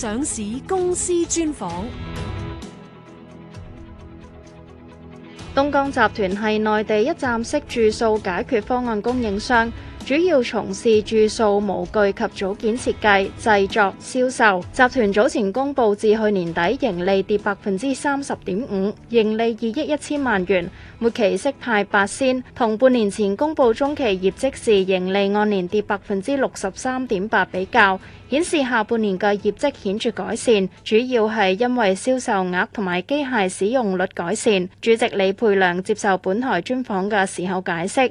上市公司專訪：東江集團係內地一站式注塑解決方案供應商。主要從事注塑模具及組件設計、製作、銷售。集團早前公布，至去年底盈利跌百分之三十點五，盈利二億一千萬元，末期息派八仙。同半年前公布中期業績時，盈利按年跌百分之六十三點八，比較顯示下半年嘅業績顯著改善，主要係因為銷售額同埋機械使用率改善。主席李沛良接受本台專訪嘅時候解釋。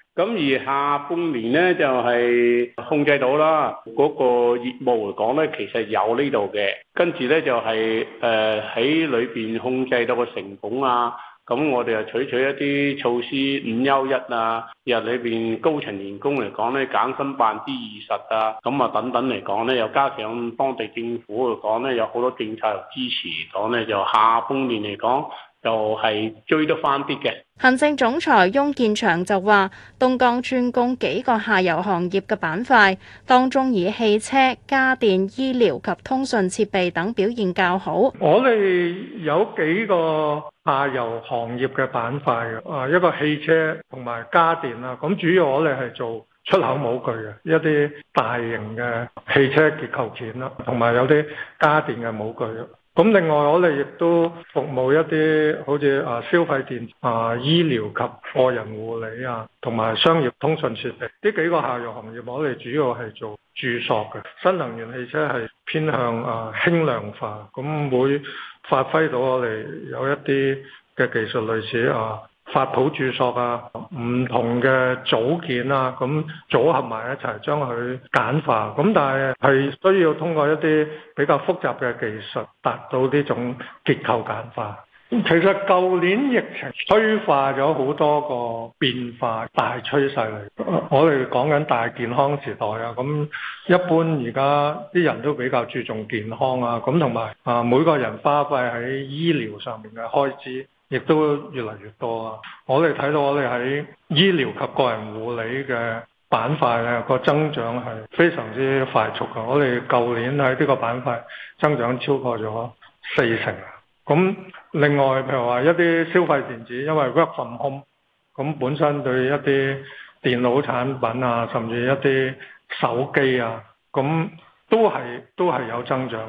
咁而下半年呢，就係、是、控制到啦，嗰、那個業務嚟講呢，其實有呢度嘅，跟住呢，就係誒喺裏邊控制到個成本啊，咁我哋又採取一啲措施，五休一啊，日裏邊高層員工嚟講呢，減薪百分之二十啊，咁啊等等嚟講呢，又加上當地政府嚟講呢，有好多政策又支持，講呢，就下半年嚟講就係追得翻啲嘅。行政總裁翁建祥就話：東江專攻幾個下游行業嘅板塊，當中以汽車、家電、醫療及通訊設備等表現較好。我哋有幾個下游行業嘅板塊啊，一個汽車同埋家電啦，咁主要我哋係做出口模具嘅，一啲大型嘅汽車結構件啦，同埋有啲家電嘅模具。咁另外我哋亦都服務一啲好似啊消費電啊醫療及個人護理啊，同埋商業通訊設備。呢幾個下游行業，我哋主要係做注塑嘅。新能源汽車係偏向啊輕量化，咁會發揮到我哋有一啲嘅技術類似啊。發泡注塑啊，唔同嘅組件啊，咁組合埋一齊，將佢簡化。咁但係，係需要通過一啲比較複雜嘅技術達到呢種結構簡化。其實舊年疫情催化咗好多個變化大趨勢嚟。我哋講緊大健康時代啊，咁一般而家啲人都比較注重健康啊，咁同埋啊每個人花費喺醫療上面嘅開支。亦都越嚟越多啊！我哋睇到我哋喺醫療及個人護理嘅板塊咧，個增長係非常之快速嘅。我哋舊年喺呢個板塊增長超過咗四成啊！咁另外譬如話一啲消費電子，因為 work from home，咁本身對一啲電腦產品啊，甚至一啲手機啊，咁都係都係有增長。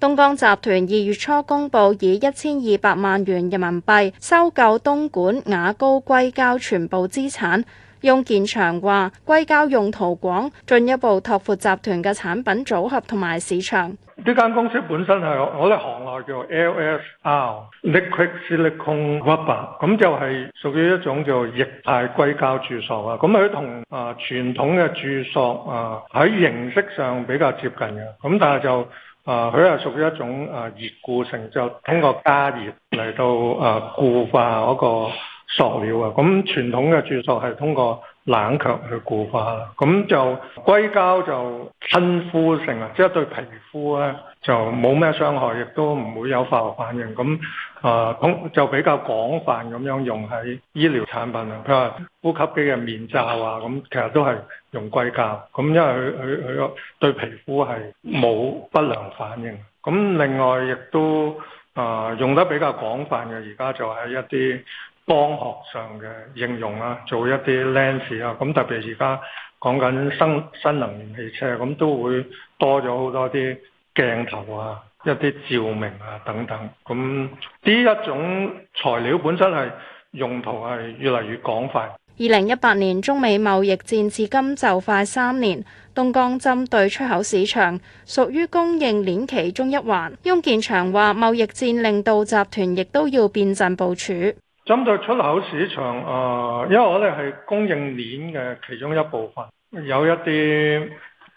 東江集團二月初公布以一千二百萬元人民幣收購東莞雅高硅膠全部資產。雍健祥話：硅膠用途廣，進一步拓闊集團嘅產品組合同埋市場。呢間公司本身係我哋行內叫 LSR Liquid Silicone Rubber，咁就係屬於一種叫液態硅膠注塑啊。咁佢同啊傳統嘅注塑啊喺形式上比較接近嘅，咁但係就。啊！佢係、呃、屬於一種啊熱、呃、固性，就通過加熱嚟到啊、呃、固化嗰個塑料啊。咁傳統嘅注塑係通過。冷卻去固化啦，咁就硅膠就親膚性啊，即係對皮膚咧就冇咩傷害，亦都唔會有化學反應。咁啊，咁就比較廣泛咁樣用喺醫療產品啦。譬如呼吸機嘅面罩啊，咁其實都係用硅膠。咁因為佢佢佢個對皮膚係冇不良反應。咁另外亦都啊用得比較廣泛嘅，而家就係一啲。光學上嘅應用啦，做一啲 Lens 啊，咁特別，而家講緊新新能源汽車咁，都會多咗好多啲鏡頭啊，一啲照明啊等等。咁呢一種材料本身係用途係越嚟越廣泛。二零一八年中美貿易戰至今就快三年，東江針對出口市場屬於供應鏈其中一環。翁建祥話貿易戰令到集團亦都要變陣部署。針對出口市場，誒、呃，因為我哋係供應鏈嘅其中一部分，有一啲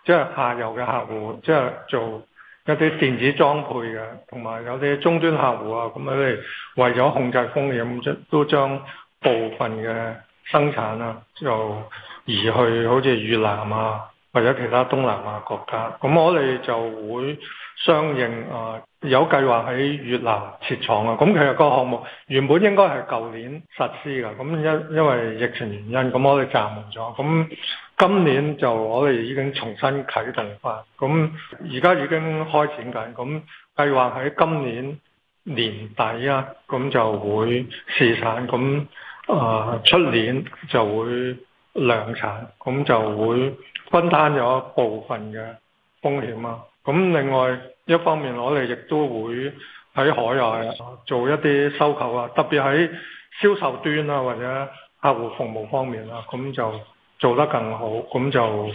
即係下游嘅客戶，即係做一啲電子裝配嘅，同埋有啲終端客戶啊，咁我哋為咗控制風險，咁將都將部分嘅生產啊，就移去好似越南啊，或者其他東南亞國家，咁我哋就會相應誒。呃有計劃喺越南設廠啊，咁其實個項目原本應該係舊年實施㗎，咁因因為疫情原因，咁我哋暫緩咗，咁今年就我哋已經重新啟動翻，咁而家已經開展緊，咁計劃喺今年年底啊，咁就會試產，咁啊出年就會量產，咁就會分擔咗部分嘅風險囉。咁另外一方面，我哋亦都會喺海外做一啲收購啊，特別喺銷售端啊，或者客戶服務方面啦。咁就做得更好，咁就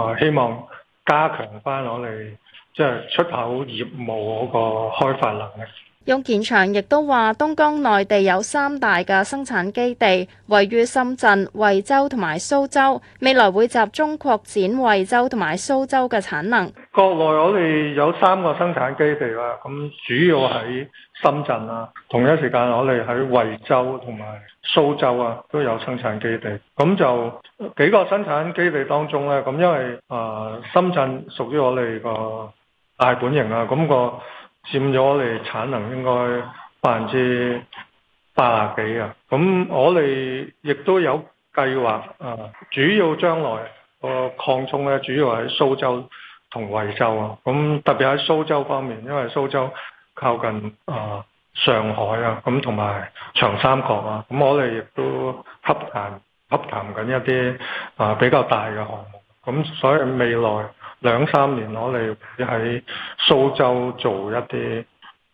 啊希望加強翻我哋即係出口業務嗰個開發能力。用健祥亦都話東江內地有三大嘅生產基地，位於深圳、惠州同埋蘇州。未來會集中擴展惠州同埋蘇州嘅產能。國內我哋有三個生產基地啦，咁主要喺深圳啦。同一時間，我哋喺惠州同埋蘇州啊，都有生產基地。咁就幾個生產基地當中呢，咁因為啊深圳屬於我哋個大本營啊，咁個佔咗我哋產能應該百分之八十幾啊。咁我哋亦都有計劃啊，主要將來個擴充咧，主要喺蘇州。同惠州啊，咁特別喺蘇州方面，因為蘇州靠近啊上海啊，咁同埋長三角啊，咁我哋亦都洽談洽談緊一啲啊比較大嘅項目，咁所以未來兩三年我哋會喺蘇州做一啲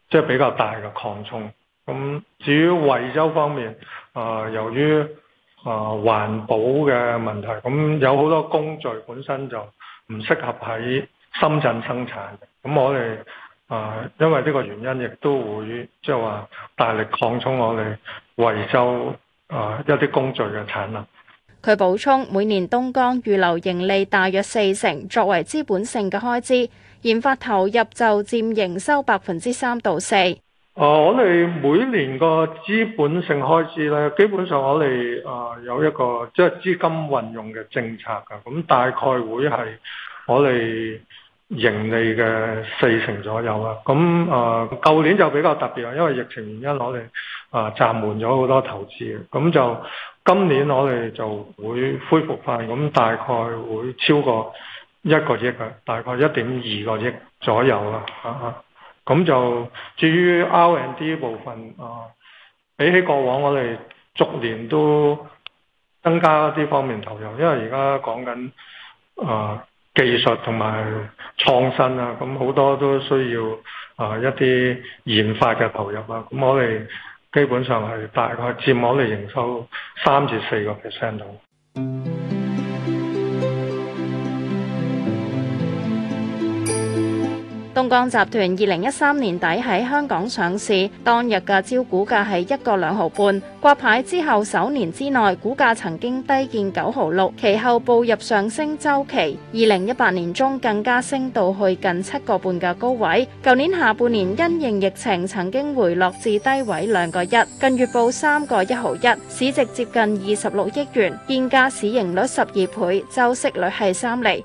即係比較大嘅擴充。咁至於惠州方面，啊由於啊環保嘅問題，咁有好多工序本身就唔適合喺深圳生產，咁我哋啊、呃，因為呢個原因，亦都會即係話大力擴充我哋惠州啊、呃、一啲工序嘅產能。佢補充，每年東江預留盈利大約四成，作為資本性嘅開支，研發投入就佔營收百分之三到四。啊！Uh, 我哋每年個資本性開支咧，基本上我哋啊、uh, 有一個即係資金運用嘅政策噶，咁大概會係我哋盈利嘅四成左右啊。咁啊，舊、uh, 年就比較特別啊，因為疫情原因，我哋啊暫緩咗好多投資嘅，咁就今年我哋就會恢復翻，咁大概會超過一個億嘅，大概一點二個億左右啊。Uh, 咁就至於 R&D 部分啊、呃，比起過往我哋逐年都增加一啲方面投入，因為而家講緊啊、呃、技術同埋創新啊，咁好多都需要啊、呃、一啲研發嘅投入啊，咁、嗯、我哋基本上係大概佔我哋營收三至四個 percent 度。東江集團二零一三年底喺香港上市，當日嘅招股價係一個兩毫半，掛牌之後首年之內股價曾經低見九毫六，其後步入上升周期，二零一八年中更加升到去近七個半嘅高位。舊年下半年因應疫情，曾經回落至低位兩個一，近月報三個一毫一，市值接近二十六億元，現價市盈率十二倍，周息率係三厘。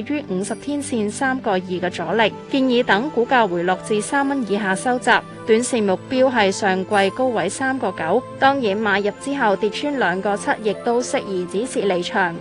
低於五十天線三個二嘅阻力，建議等股價回落至三蚊以下收集，短線目標係上季高位三個九。當然，買入之後跌穿兩個七，亦都適宜止蝕離場。